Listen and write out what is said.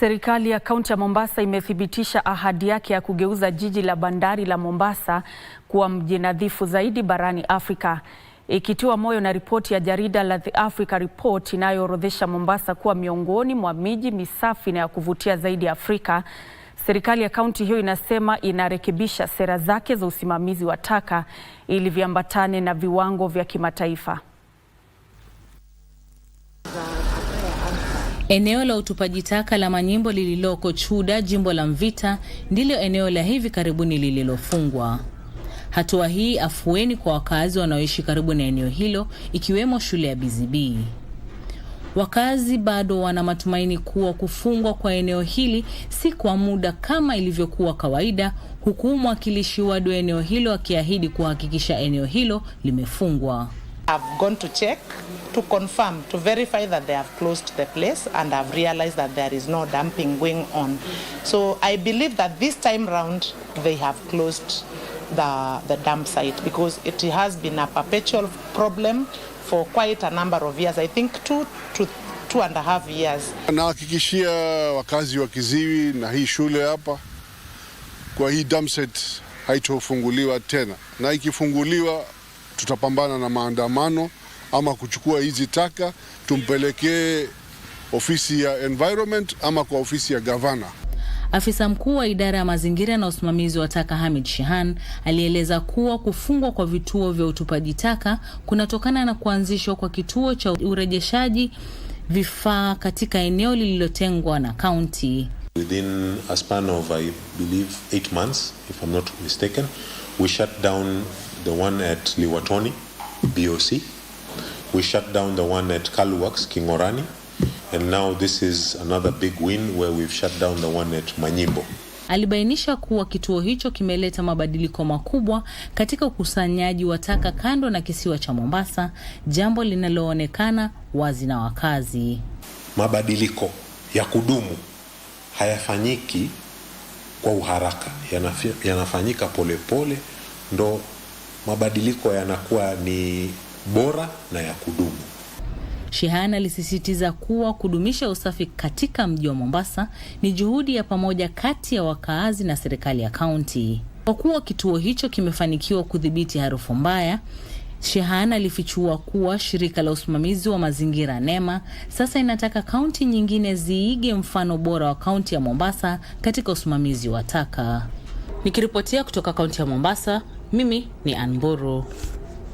Serikali ya kaunti ya Mombasa imethibitisha ahadi yake ya kugeuza jiji la bandari la Mombasa kuwa mji nadhifu zaidi barani Afrika, ikitiwa moyo na ripoti ya jarida la The Africa Report inayoorodhesha Mombasa kuwa miongoni mwa miji misafi na ya kuvutia zaidi Afrika. Serikali ya kaunti hiyo inasema inarekebisha sera zake za usimamizi wa taka ili viambatane na viwango vya kimataifa. Eneo la utupaji taka la Manyimbo lililoko Chuda, jimbo la Mvita, ndilo eneo la hivi karibuni lililofungwa. Hatua hii afueni kwa wakazi wanaoishi karibu na eneo hilo, ikiwemo shule ya Bizibii. Wakazi bado wana matumaini kuwa kufungwa kwa eneo hili si kwa muda kama ilivyokuwa kawaida, huku mwakilishi wadu eneo hilo akiahidi kuhakikisha eneo hilo limefungwa have gone to check to confirm, to verify that they have closed the place and have realized that there is no dumping going on. So I believe that this time round they have closed the, the dump site because it has been a perpetual problem for quite a number of years. I think two to two and a half years. Nahakikishia wakazi wa Kiziwi na hii shule hapa kwa hii dump site haitofunguliwa tena na ikifunguliwa tutapambana na maandamano ama kuchukua hizi taka tumpelekee ofisi ya environment ama kwa ofisi ya gavana. Afisa mkuu wa idara ya mazingira na usimamizi wa taka Hamid Shehan alieleza kuwa kufungwa kwa vituo vya utupaji taka kunatokana na kuanzishwa kwa kituo cha urejeshaji vifaa katika eneo lililotengwa na kaunti. Within a span of I believe eight months if I'm not mistaken we shut down the one at Liwatoni, BOC. We shut down the one at Kaluwax, Kingorani. And now this is another big win where we've shut down the one at Manyimbo. Alibainisha kuwa kituo hicho kimeleta mabadiliko makubwa katika ukusanyaji wa taka kando na kisiwa cha Mombasa, jambo linaloonekana wazi na wakazi. Mabadiliko ya kudumu hayafanyiki kwa uharaka, yanafanyika polepole, ndo mabadiliko yanakuwa ni bora na ya kudumu. Shehan alisisitiza kuwa kudumisha usafi katika mji wa Mombasa ni juhudi ya pamoja kati ya wakaazi na serikali ya kaunti. Kwa kuwa kituo hicho kimefanikiwa kudhibiti harufu mbaya, Shehan alifichua kuwa shirika la usimamizi wa mazingira NEMA sasa inataka kaunti nyingine ziige mfano bora wa kaunti ya Mombasa katika usimamizi wa taka. Nikiripotia kutoka kaunti ya Mombasa, mimi ni Anburu.